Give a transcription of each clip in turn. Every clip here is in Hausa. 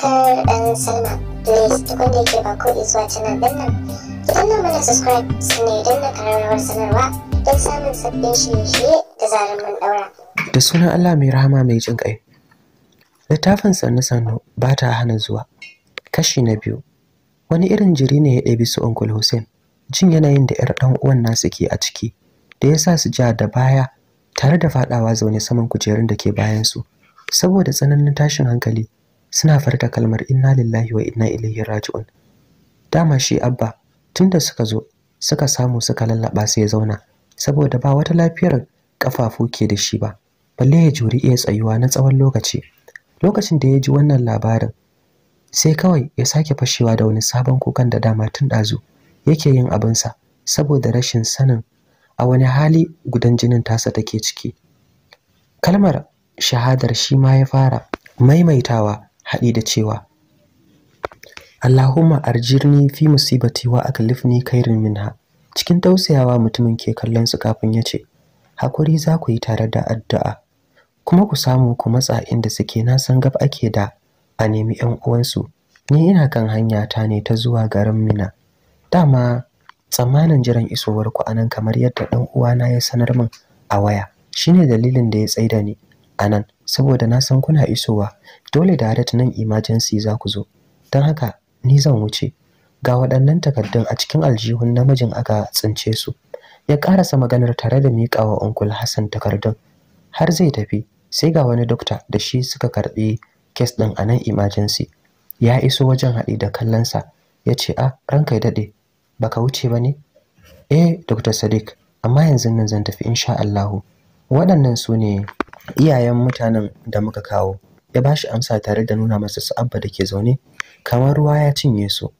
subscribe and sign up. da subscribe idan na kararrawar sanarwa don samun sabbin da sunan Allah mai rahama mai jin ƙai. Littafin sannu-sannu ba ta hana zuwa. Kashi na biyu. Wani irin jiri ne ya ɗabi su Uncle Hussein. Jin yanayin da 'yar ɗan uwan nasu ke a ciki da ya sa su ja da baya tare da faɗawa zaune saman kujerun da ke bayansu saboda tsananin tashin hankali suna farta kalmar inna lillahi wa inna ilaihi raji'un dama shi abba tunda suka zo suka samu suka lallaba sai ya zauna saboda ba wata lafiyar kafafu ke da shi ba balle ya juri iya tsayuwa na tsawon lokaci lokacin da ya ji wannan labarin sai kawai ya sake fashewa da wani sabon kukan da dama tun ɗazu yake yin abinsa saboda rashin sanin a wani hali gudan jinin tasa take ciki kalmar shahadar shi ma ya fara maimaitawa haɗi da cewa Allahumma arjirni fi musibati wa akalifni kairin minha cikin tausayawa mutumin ke kallon su kafin ya ce hakuri za ku yi tare da addu'a kuma ku samu ku matsa inda suke na san gab ake da a nemi ƴan uwansu ni ina kan hanya ta ne ta zuwa garin Mina dama tsammanin jiran isowar ku anan kamar yadda ɗan uwana ya sanar min a waya shine dalilin da ya tsaida ni anan saboda na san kuna isowa dole direct nan emergency za ku zo don haka ni zan wuce ga waɗannan takardun a cikin aljihun namijin aka tsince su ya karasa maganar tare da miƙawa uncle Hassan takardun har zai tafi sai ga wani dokta da shi suka karɓi kes ɗin a nan emergency ya iso wajen haɗi da kallonsa ya ce a ah, ranka ya daɗe baka wuce ba ne eh dr sadiq amma yanzu nan zan tafi insha allahu waɗannan su ne iyayen mutanen da muka kawo ya ba shi amsa tare da nuna masa su abba da ke zaune kamar ruwa ya cinye su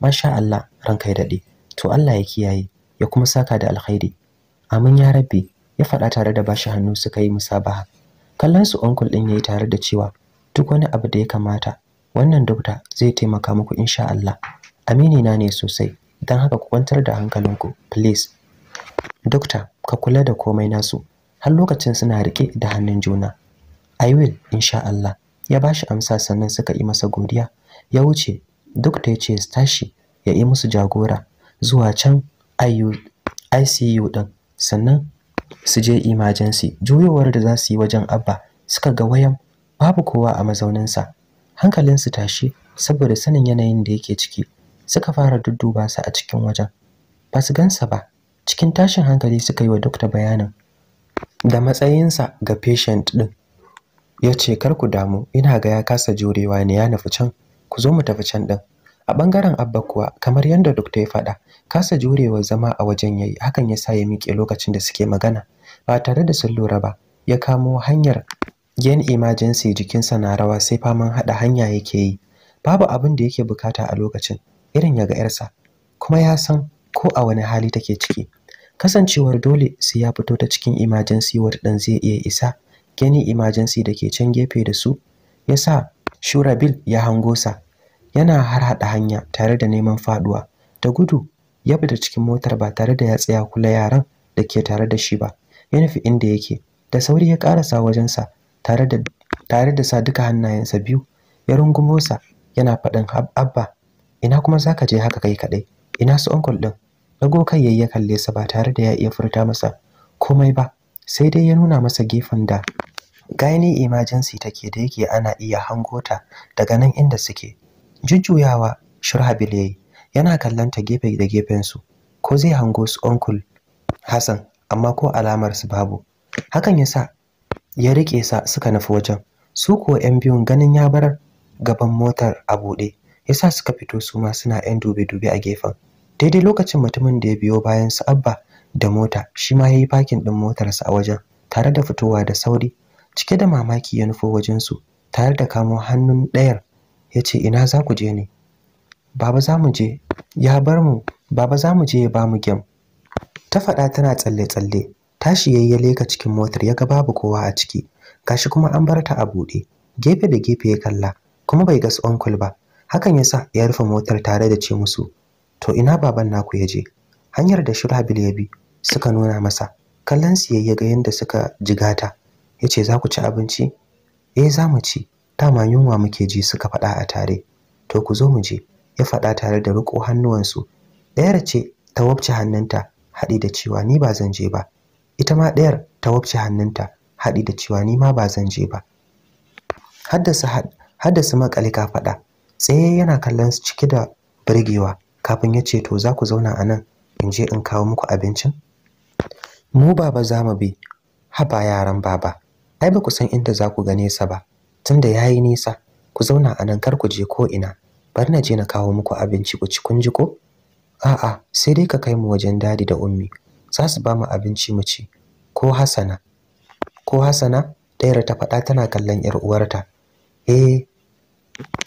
masha Allah ranka ya daɗe to Allah ya kiyaye ya kuma saka da alkhairi amin ya rabbi ya faɗa tare da bashi hannu suka yi musabaha kallon su onkul ɗin yayi tare da cewa duk wani abu da ya kamata wannan dokta zai taimaka muku insha Allah amini na ne sosai don haka ku kwantar da hankalinku please dokta ka kula da komai nasu har lokacin suna rike da hannun juna i will insha Allah ya ba shi amsa sannan suka yi masa godiya ya wuce duk da yace tashi ya yi musu jagora zuwa can ICU ɗin, sannan su je emergency juyowar da za su yi wajen abba suka ga wayan babu kowa a mazauninsa su tashi saboda sanin yanayin da yake ciki suka fara dudduba sa a cikin wajen ba su gansa ba cikin tashin hankali suka yi wa dokta bayanin da matsayinsa ga patient ɗin ya ce kar ku damu ina ga ya kasa jurewa ne ya nufi can ku zo mu tafi can ɗin a ɓangaren abba kuwa kamar yadda dokta ya faɗa kasa jurewa zama a wajen yayi hakan ya sa ya miƙe lokacin da suke magana ba tare da sun lura ba ya kamo hanyar gen emergency jikinsa na rawa sai faman haɗa hanya yake yi babu abin da yake bukata a lokacin irin ya ga 'yarsa kuma ya san ko a wani hali take ciki kasancewar dole sai ya fito ta cikin imajensi wata dan zai iya isa gani imajensi da ke can gefe da su ya sa shurabil ya hango sa yana har haɗa hanya tare da neman faduwa da gudu ya fita cikin motar ba tare da ya tsaya kula yaran da ke tare da shi ba ya nufi inda yake da sauri ya karasa wajensa tare da tare da sa duka hannayensa biyu ya rungumo sa yana faɗin abba ina kuma za ka je haka kai kaɗai ina su onkol ɗin dago kai yayi ya kalle sa ba tare da ya iya furta masa komai ba sai dai ya nuna masa gefen da gani emergency take da yake ana iya hango ta daga nan inda suke jujjuyawa shurhabil yayi yana kallon ta gefe da gefen su ko zai hango su uncle Hassan amma ko alamar su babu hakan yasa ya rike sa suka nufi wajen su ko yan biyun ganin ya bar gaban motar a buɗe yasa suka fito su ma suna yan dube-dube a gefen daidai lokacin mutumin da ya biyo bayan su abba da mota shi ma ya yi fakin ɗin motarsa a wajen tare da fitowa da sauri cike da mamaki ya nufo wajensu tare da kamo hannun ɗayar ya ce ina za ku je ne baba za mu je ya bar mu baba za mu je ya ba mu gem ta faɗa tana tsalle-tsalle tashi yayi ya leka cikin motar ya ga babu kowa a ciki gashi kuma an bar ta a buɗe gefe da gefe ya kalla kuma bai ga su ba hakan ya sa ya rufe motar tare da ce musu to ina baban naku ya je hanyar da shirhabil ya bi suka nuna masa kallon siyayya ga yanda suka jigata ya ce za ku ci abinci eh za mu ci dama yunwa muke ji suka faɗa a tare to ku zo mu je ya faɗa tare da riƙo hannuwansu ɗayar ce ta wabce hannunta haɗi da cewa ni ba zan je ba ita ma ɗayar ta wabce hannunta haɗi da cewa ni ma ba zan je ba haddasa haddasa makalika faɗa tsaye yana kallon su cike da birgewa. kafin ya ce to za ku zauna a nan in je in kawo muku abincin mu baba za mu bi haba yaran baba ai ba ku san inda za ku ga nesa ba tunda ya yi nisa ku zauna a nan kar ku je ko ina bar na je na kawo muku abinci ku ci kun ji ko a'a sai dai ka kai mu wajen dadi da ummi za su ba mu abinci mu ci ko hasana ko hasana ɗayar ta faɗa tana kallon yar uwarta eh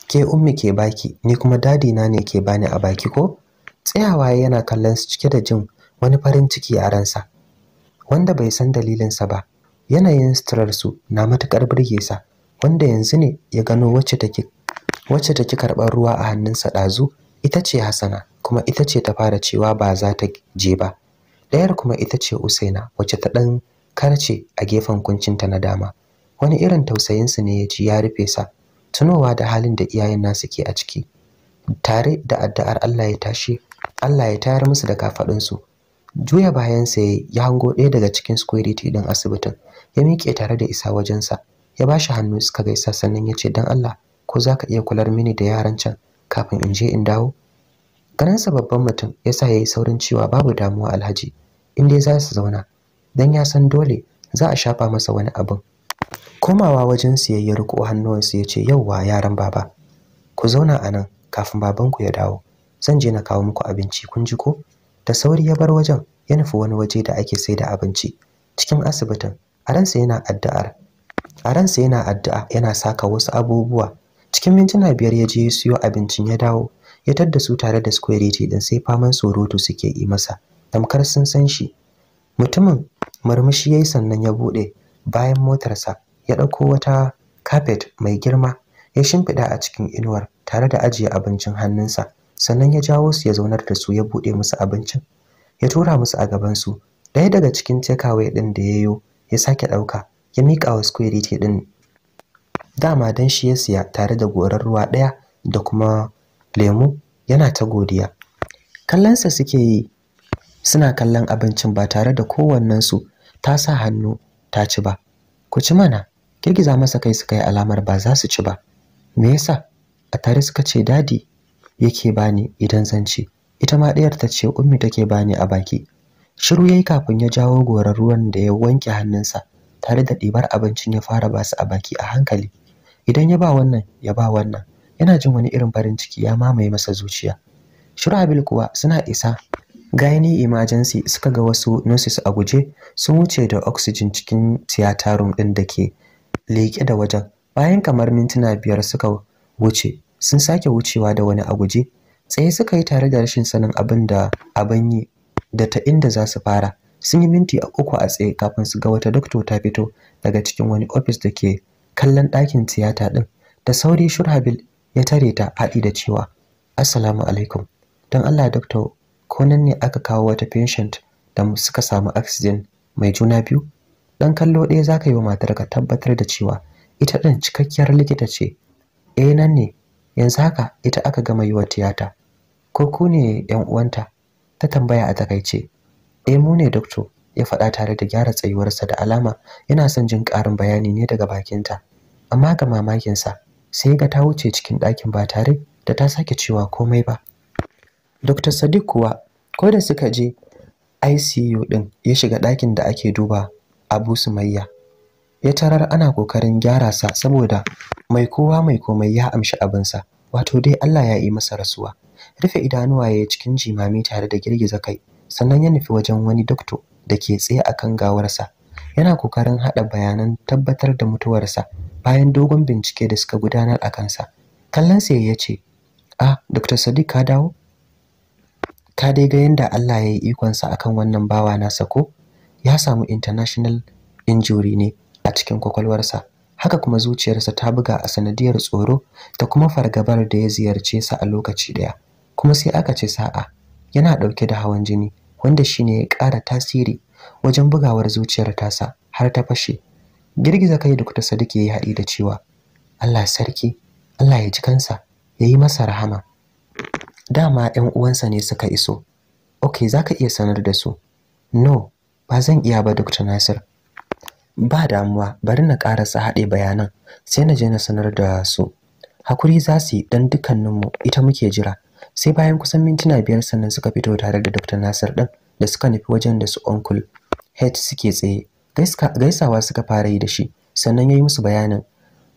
ke ummi ke baki ni kuma dadi na ne ke bani a baki ko tsayawa yana kallon su cike da jin wani farin ciki a ransa wanda bai san dalilinsa ba yanayin suturarsu na matukar burge sa wanda yanzu ne ya gano wacce take wacce take karɓar ruwa a hannunsa ɗazu ita ce Hassana kuma ita ce ta fara cewa ba za ta je ba ɗayar kuma ita ce Usaina wacce ta ɗan karce a gefen kuncinta na dama wani irin tausayinsu ne ya ji ya rufe sa tunowa da halin da iyayen nasu ke a ciki tare da addu'ar Allah ya tashi Allah ya tayar musu da kafaɗinsu. juya bayansa ya hango ɗaya daga cikin security din asibitin ya miƙe tare da isa wajensa ya ba shi hannu suka gaisa sannan ya ce don Allah ko za ka iya kular mini da yaran can kafin in je in dawo ganinsa babban mutum ya sa ya yi saurin cewa babu damuwa alhaji in dai za su zauna don ya san dole za a shafa masa wani abin komawa wajen ko riko hannuwansu ya ce yauwa yaran baba ku zauna a nan kafin babanku ya dawo zan je na kawo muku abinci kun ji ko da sauri ya bar wajen ya nufi wani waje da ake sai da abinci cikin asibitin a ransa yana addu'ar a ransa yana addu'a yana saka wasu abubuwa cikin mintuna biyar ya je ya siyo abincin ya dawo ya tadda su tare da security din sai faman surutu suke yi masa tamkar sun san shi mutumin murmushi yayi sannan ya bude bayan motarsa ya ɗauko wata kafet mai girma ya shimfiɗa a cikin inuwar tare da ajiye abincin hannunsa sannan ya jawo su ya zaunar da su ya buɗe musu abincin ya tura musu a gabansu ɗaya daga cikin takeaway ɗin da ya yo ya sake ɗauka ya miƙa wa security ɗin dama don shi ya siya tare da gorar ruwa ɗaya da kuma lemu yana ta godiya kallonsa suke yi suna kallon abincin ba tare da kowannensu ta sa hannu ta ci ba ku ci mana girgiza masa kai suka yi alamar ba za su ci ba me yasa a tare suka ce dadi yake bani idan zan ci ita ma ɗayar ta ce ummi take bani a baki shiru yayi kafin ya jawo gorar ruwan da ya wanke hannunsa tare da ɗibar abincin ya fara ba su a baki a hankali idan ya ba wannan ya ba wannan yana jin wani irin farin ciki ya mamaye masa zuciya Shiru abil kuwa suna isa gani emergency suka ga wasu nurses a guje sun wuce da oxygen cikin theater room ɗin da ke leƙe da wajen bayan kamar mintuna biyar suka wuce sun sake wucewa da wani a guje tsaye suka yi tare da rashin sanin abin da abin yi da ta inda za su fara sun yi minti a uku a tsaye kafin su ga wata dokto ta fito daga cikin wani ofis da ke kallon ɗakin tiyata ɗin da sauri shurhabil ya tare ta haɗi da cewa assalamu alaikum don allah dokto ko nan ne aka kawo wata patient da suka samu accident mai juna biyu dan kallo ɗaya za ka yi wa ka tabbatar da cewa ita ɗin cikakkiyar likita ce eh nan ne yanzu haka ita aka gama yi wa tiyata ko ku ne yan uwanta ta tambaya a takaice eh mu ne doctor ya faɗa tare da gyara tsayuwarsa da alama yana son jin ƙarin bayani ne daga bakinta amma ga mamakinsa sai ga ta wuce cikin ɗakin ba tare da ta sake cewa komai ba Dr. Sadiq kuwa ko da suka je ICU ɗin ya shiga ɗakin da ake duba Abu Sumayya. Ya tarar ana kokarin gyara sa saboda mai kowa mai komai ya amshi abinsa, wato dai Allah ya yi masa rasuwa. Rufe idanuwa ya cikin jimami tare da girgiza kai, sannan ya nufi wajen wani dokto da ke tsaye akan gawarsa. Yana kokarin haɗa bayanan tabbatar da mutuwarsa bayan dogon bincike da suka gudanar a kansa. sai ya ce, "Ah, Dr. Sadiq ka dawo?" ka dai ga yadda Allah ya yi ikonsa akan wannan bawa nasa ko ya samu international injury ne a cikin kwakwalwarsa haka kuma zuciyarsa ta buga a sanadiyar tsoro ta kuma fargabar da ya ziyarce sa a lokaci daya kuma sai aka ce sa'a yana dauke da hawan jini wanda shine ya ƙara tasiri wajen bugawar zuciyar tasa har ta fashe girgiza kai da kuta sadiki ya haɗi da cewa Allah sarki Allah ya ji kansa ya yi masa rahama dama 'yan uwansa ne suka iso okay zaka iya sanar da su no ba zan iya ba Dr. Nasir ba damuwa bari na karasa haɗe bayanan sai na je na sanar da su hakuri za su yi dan dukkaninmu ita muke jira sai bayan kusan mintuna biyar sannan suka fito tare da Dr. Nasir din da suka nufi wajen da su uncle H suke tsaye gaisawa suka fara yi da shi sannan ya yi musu bayanin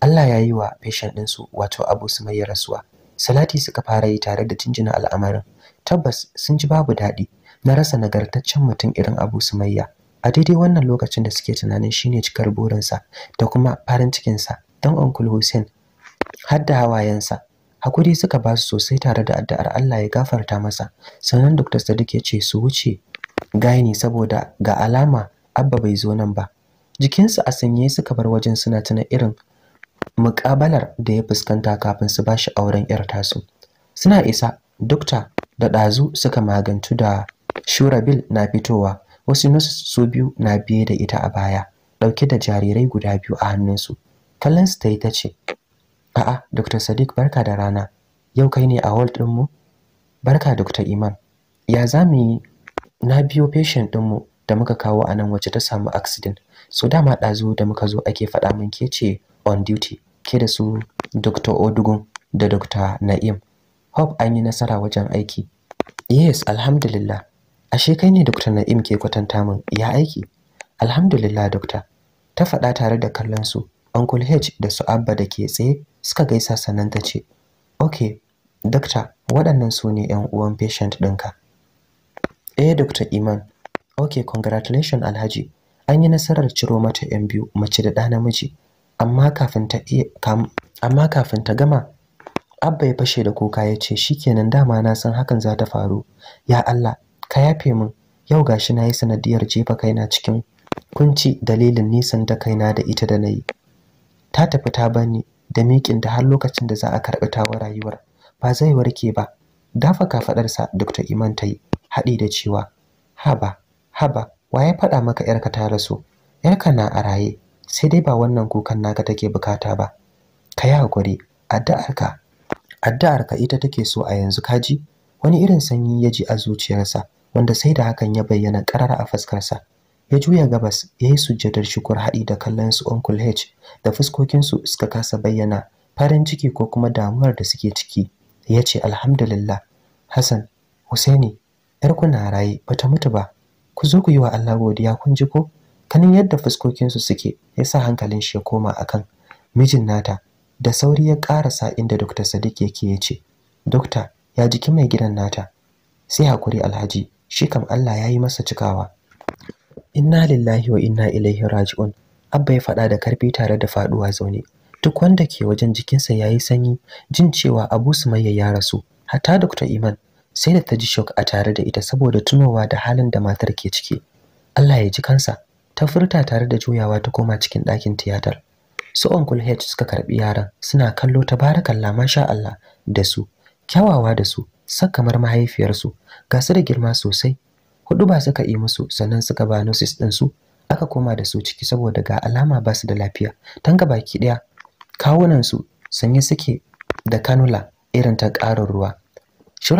Allah ya yi wa patient su wato Abu Sumayya rasuwa salati suka fara yi tare da jinjina al'amarin tabbas sun ji babu daɗi na rasa nagartaccen mutum irin Abu su mayya. a daidai wannan lokacin da suke tunanin shine cikar burinsa da kuma farin cikinsa don Uncle Hussein har hawayensa hakuri suka ba su sosai tare da addu'ar Allah ya gafarta masa sannan Dr. Sadiq ya ce su wuce gaini saboda ga alama Abba bai zo nan ba jikinsu a sanye suka bar wajen suna tuna irin muƙabalar da ya fuskanta kafin su bashi auren 'yar tasu suna isa dokta da ɗazu suka magantu da Shurabil na fitowa, wasu nusu su biyu na biye da ita a baya, ɗauke da jarirai guda biyu a hannunsu. Kallonsu ta yi ta ce, A'a, Dr. Sadiq barka da rana, yau kai ne a hall ɗinmu? Barka Dr. Iman, ya za mu yi na biyo patient ɗinmu da muka kawo a nan wacce ta samu accident. So dama ɗazu da muka zo ake faɗa min ke ce on duty, ke da su Dr. Odugun da Dr. Na'im. Hope an yi nasara wajen aiki. Yes, alhamdulillah. ashe kai ne Dr. Na'im ke kwatanta min ya aiki alhamdulillah doctor ta faɗa tare da kallon su Uncle H da su Abba da ke tsaye suka gaisa sannan ta ce okay doctor waɗannan su ne 'yan uwan patient ɗinka eh Dr. Iman okay congratulations Alhaji an yi nasarar ciro mata yan biyu mace da ɗa namiji amma kafin ta amma kafin ta gama Abba ya fashe da kuka ya ce shikenan dama na san hakan za ta faru ya Allah ka yafe min yau gashi na yi sanadiyar jefa kaina cikin kunci dalilin nisan da kaina da ita da nayi ta tafi ta bani da miƙin da har lokacin da za a karɓi tawa rayuwar ba zai warke ba dafa kafaɗarsa dr iman ta yi haɗi da cewa haba haba wa ya faɗa maka yarka ta rasu yarka na a raye sai dai ba wannan kukan naka take bukata ba ka yi hakuri addu'arka addu'arka ita take so a yanzu kaji wani irin sanyi ya ji a zuciyarsa wanda sai da hakan ya bayyana karara a fuskarsa ya juya gabas ya yi sujjadar shukur haɗi da kallon su uncle h da fuskokinsu suka kasa bayyana farin ciki ko kuma damuwar da suke ciki ya ce alhamdulillah hassan husaini yar na raye bata mutu ba ku zo ku yi wa allah godiya kun ji ko kanin yadda fuskokinsu suke ya sa hankalin shi ya koma akan mijin nata da sauri ya karasa inda Dr. Sadiq yake ya ce, Dokta, ya jiki mai gidan nata, sai hakuri alhaji, shi kam Allah ya yi masa cikawa inna lillahi wa inna ilaihi raji'un abba ya faɗa da karfi tare da faɗuwa zaune duk wanda ke wajen jikinsa ya yi sanyi jin cewa abu sumayya ya rasu hatta dr iman sai da ta ji shock a tare da ita saboda tunowa da halin da matar ke ciki allah ya ji kansa ta furta tare da juyawa ta koma cikin ɗakin tiyatar su uncle h suka karɓi yaran suna kallo tabarakallah masha allah da su kyawawa da su sak kamar mahaifiyarsu ga su da girma sosai hudu ba suka yi musu sannan suka ba nosis din su aka koma da su ciki saboda ga alama ba su da lafiya tanga baki daya kawunan su sanye suke da kanula irin ta ƙarin ruwa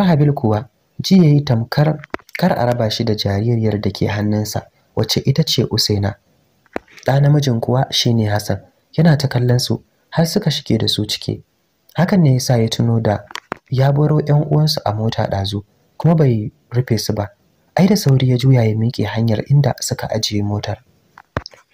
habil kuwa ji yayi tamkar kar a raba shi da jaririyar da ke hannunsa wacce ita ce usaina ɗa namijin kuwa shine hassan yana ta kallon su har suka shige da su ciki hakan ne yasa ya tuno da ya baro 'yan uwansu a mota ɗazu kuma bai rufe su ba ai da sauri ya juya ya miƙe hanyar inda suka ajiye motar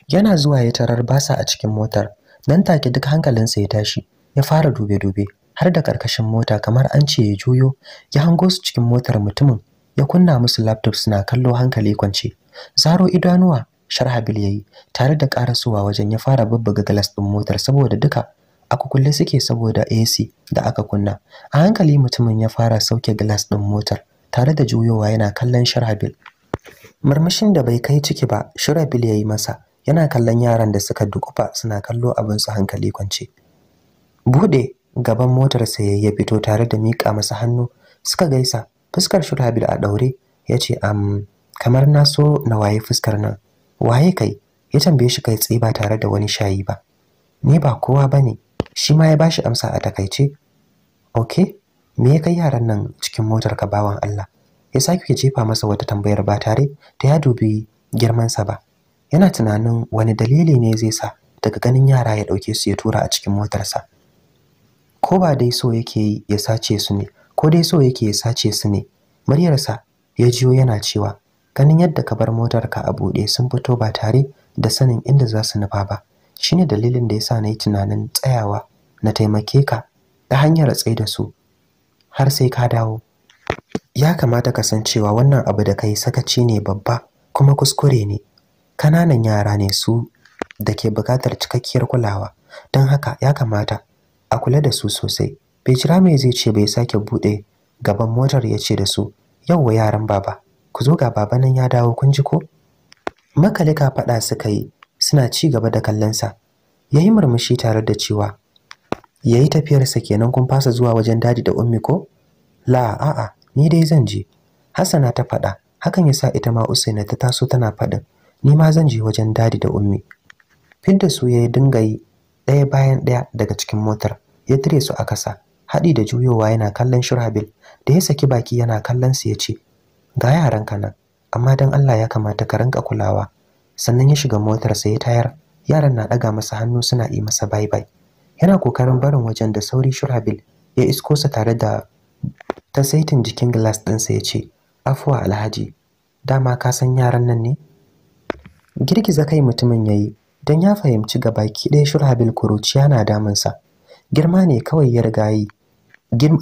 yana zuwa ya tarar basa a cikin motar nan take duk hankalinsa ya tashi ya fara dube-dube har da karkashin mota kamar an ce ya juyo ya hango su cikin motar mutumin ya kunna musu laptop suna kallo hankali kwance zaro idanuwa sharhabil yayi tare da karasuwa wajen ya fara babbaga glass ɗin motar saboda duka a kukulle suke saboda AC da aka kunna a hankali mutumin ya fara sauke glass ɗin motar tare da juyowa yana kallon Sharabil murmushin da bai kai ciki ba Sharabil yi masa yana kallon yaran da suka dukufa suna kallo abin su hankali kwance bude gaban motar sa ya fito tare da mika masa hannu suka gaisa fuskar Sharabil a daure yace am kamar na so na waye fuskar nan waye kai ya tambaye shi kai tsaye ba tare da wani shayi ba ni ba kowa bane shi ma ya bashi amsa a takaice ok me ya kai yaran nan cikin motar ka bawan Allah ya sake jefa masa wata tambayar ba tare da ya dubi girmansa ba yana tunanin wani dalili ne zai sa daga ganin yara ya ɗauke su ya tura a cikin motarsa ko ba dai so yake ya sace su ne ko dai so yake ya sace su ne muryarsa ya jiyo yana cewa ganin yadda ka bar motarka a buɗe sun fito ba tare da sanin inda za su nufa ba shine dalilin da yasa nayi tunanin tsayawa na taimake ka ta hanyar tsaye da su har sai ka dawo ya kamata ka san cewa wannan abu da kai sakaci ne babba kuma kuskure ne kananan yara ne su da ke buƙatar cikakkiyar kulawa don haka ya kamata a kula da su sosai bai jira mai zai ce bai sake buɗe gaban motar ya ce da su Yau wa yaran baba ku zo ga baba nan ya dawo kun ji ko makalika faɗa suka yi suna ci gaba da kallonsa ya yi murmushi tare da cewa ya yi tafiyarsa kenan kun fasa zuwa wajen dadi da ummi ko la a'a ni dai zan je hassana ta faɗa hakan ya sa ita ma usaina ta taso tana faɗin ni ma zan je wajen dadi da ummi fidda su ya dinga yi ɗaya bayan ɗaya daga cikin motar ya tire su a kasa haɗi da juyowa yana kallon shurabil da ya saki baki yana kallon su ya ce ga yaran nan amma don Allah ya kamata ka rinka kulawa sannan ya shiga motarsa ya tayar yaran na ɗaga masa hannu suna yi masa bye bye yana kokarin barin wajen da sauri shurabil ya isko sa tare da ta saitin jikin glass ɗinsa ya ce afuwa alhaji dama ka san yaran nan ne girgiza kai mutumin yayi yi don ya fahimci gaba ki ɗaya shurhabil kuruciya na damunsa girma ne kawai ya riga yi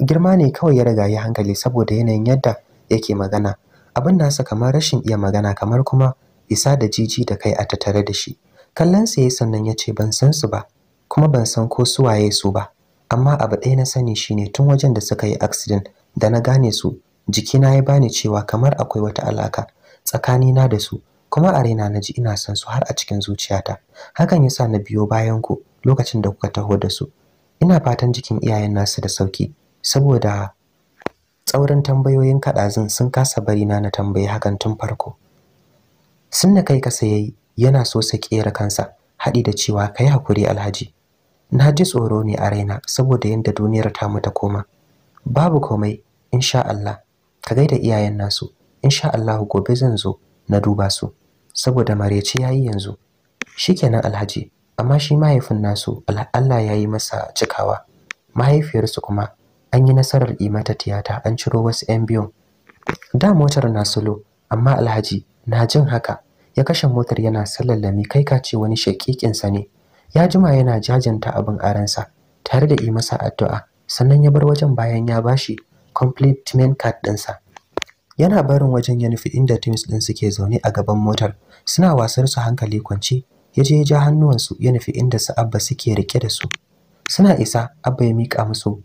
girma ne kawai ya riga hankali saboda yanayin yadda yake magana abin nasa kamar rashin iya magana kamar kuma isa da jiji da kai a tattare da shi kallon sa sannan yace ban san su ba kuma ban san ko su waye su ba amma abu ɗaya na sani shine tun wajen da suka yi accident da na gane su jikina ya bani cewa kamar akwai wata alaka tsakani na da su kuma a raina na ji ina san su har a cikin zuciyata hakan yasa na biyo bayan ku lokacin da kuka taho da su ina fatan jikin iyayen nasu da sauki saboda tsaurin tambayoyin kaɗazin sun kasa bari na na tambayi hakan tun farko sunna kai kasa yayi yana so sa kera kansa haɗi da cewa kai hakuri alhaji na ji tsoro ne a raina saboda yadda duniyar ta mu ta koma babu komai insha Allah ka gaida iyayen nasu insha Allah gobe zan zo na duba su saboda mareci yayi yanzu shikenan alhaji amma shi mahaifin nasu Allah yayi masa cikawa mahaifiyarsu kuma an yi nasarar imata tiyata an ciro wasu yan biyun da motar na solo amma alhaji na jin haka ya kashe motar yana sallallami kai ka ce wani shakikinsa ne ya jima yana jajanta abin aransa tare da yi masa addu'a sannan ya bar wajen bayan ya bashi complement card ɗinsa yana barin wajen ya nufi inda teams ɗin suke zaune a gaban motar suna wasar su hankali kwance ya je ya ja hannuwansu ya nufi inda su abba suke rike da su suna isa abba ya mika musu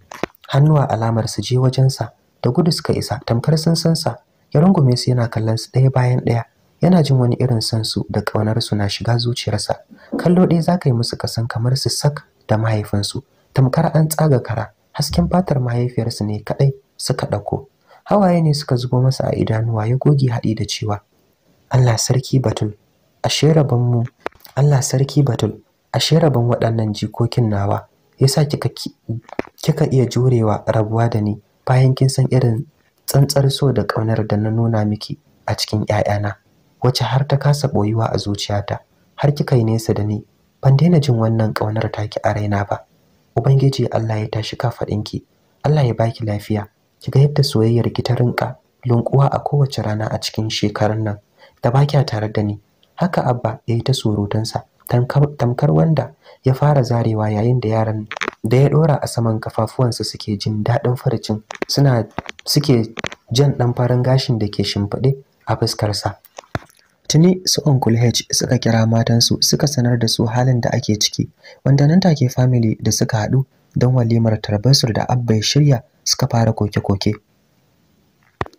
hannuwa alamar su je sa da gudu suka isa tamkar sun san sa ya rungume su yana kallon su ɗaya bayan ɗaya yana jin wani irin son su da ƙaunar su na shiga zuciyarsa kallo ɗaya za ka yi musu kasan kamar su sak da mahaifinsu tamkar an tsaga kara hasken fatar mahaifiyarsu ne kaɗai suka ɗauko hawaye ne suka zubo masa a idanuwa ya goge haɗi da cewa Allah sarki batul ashe rabon mu Allah sarki batul ashe rabon waɗannan jikokin nawa yasa kika kika iya jurewa rabuwa da ni bayan kin san irin tsantsar so da ƙaunar da na nuna miki a cikin ‘ya'yana wacce har ta kasa ɓoyuwa a zuciyata har kika yi nesa da ni ban daina jin wannan ƙaunar taki a raina ba ubangiji Allah ya tashi ka ki Allah ya baki lafiya ki ga yadda soyayyar ki ta rinka lunkuwa a kowace rana a cikin shekarun nan da ba kya tare da ni haka abba ya yi ta surutunsa tamkar wanda ya fara zarewa yayin da yaran da ya dora a saman kafafuwansa suke jin daɗin farcin suna suke jan ɗan farin gashin da ke shimfiɗe a fuskarsa tuni su uncle h suka kira matansu suka sanar da su halin da ake ciki wanda nan take family da suka haɗu don walimar tarbasur da abba ya shirya suka fara koke-koke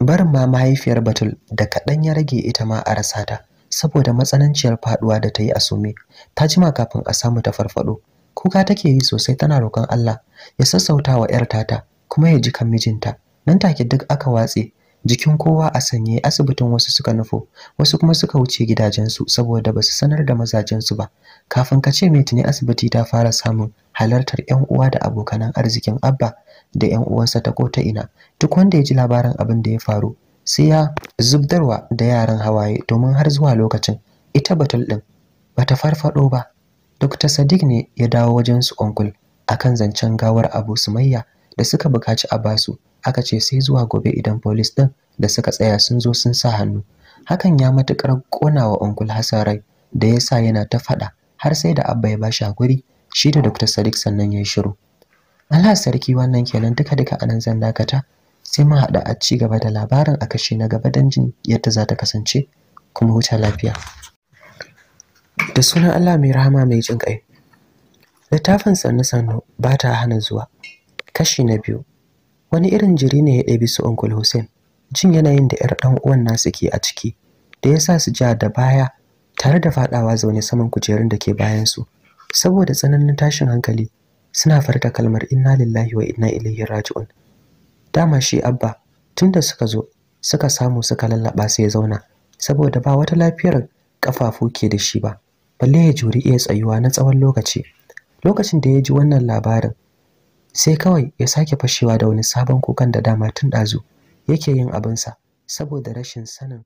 barin ma mahaifiyar batul da kaɗan ya rage ita ma a rasa ta saboda matsananciyar faɗuwa da ta yi a sume ta jima kafin a samu ta farfaɗo. kuka take yi sosai tana roƙon Allah ya sassauta wa ƴar tata kuma ya ji kan mijinta nan take duk aka watse jikin kowa a sanye asibitin wasu suka nufo wasu kuma suka wuce gidajensu saboda basu sanar da mazajensu ba kafin ka ce mai tuni asibiti ta fara samun halartar yan uwa da abokan arzikin abba da yan uwansa ta kota ina duk wanda ya ji labarin abin da ya faru sai ya zubdarwa da yaran hawaye domin har zuwa lokacin ita batul din bata farfado ba Dr. Sadiq ne ya dawo wajen su onkul kan zancen gawar Abu su Sumayya da suka bukaci a basu aka ce sai zuwa gobe idan police din da suka tsaya sun zo sun sa hannu. Hakan ya matukar konawa onkul Hassan rai da sa yana ta faɗa har sai da Abba ya ba shi hakuri shi da Dr. Sadiq sannan ya yi shiru. Allah sarki wannan kenan duka duka a nan zan dakata sai mu haɗa a ci gaba da labarin a kashi na gaba dan jin yadda za ta kasance kuma huta lafiya. da sunan Allah mai rahama mai jin ƙai littafin sannu-sannu ba ta hana zuwa kashi na biyu wani irin jiri ne ya ɗabi su Uncle Hussein jin yanayin da 'yar ɗan uwan nasu ke a ciki da ya sa su ja da baya tare da faɗawa zaune saman kujerun da ke bayan su saboda tsananin tashin hankali suna farta kalmar inna lillahi wa inna ilaihi raji'un dama shi abba tunda suka zo suka samu suka lallaɓa sai ya zauna saboda ba wata lafiyar kafafu ke da shi ba balle ya juri iya tsayuwa na tsawon lokaci lokacin da ya ji wannan labarin sai kawai ya sake fashewa da wani sabon kukan da dama tun ɗazu yake yin abinsa saboda rashin sanin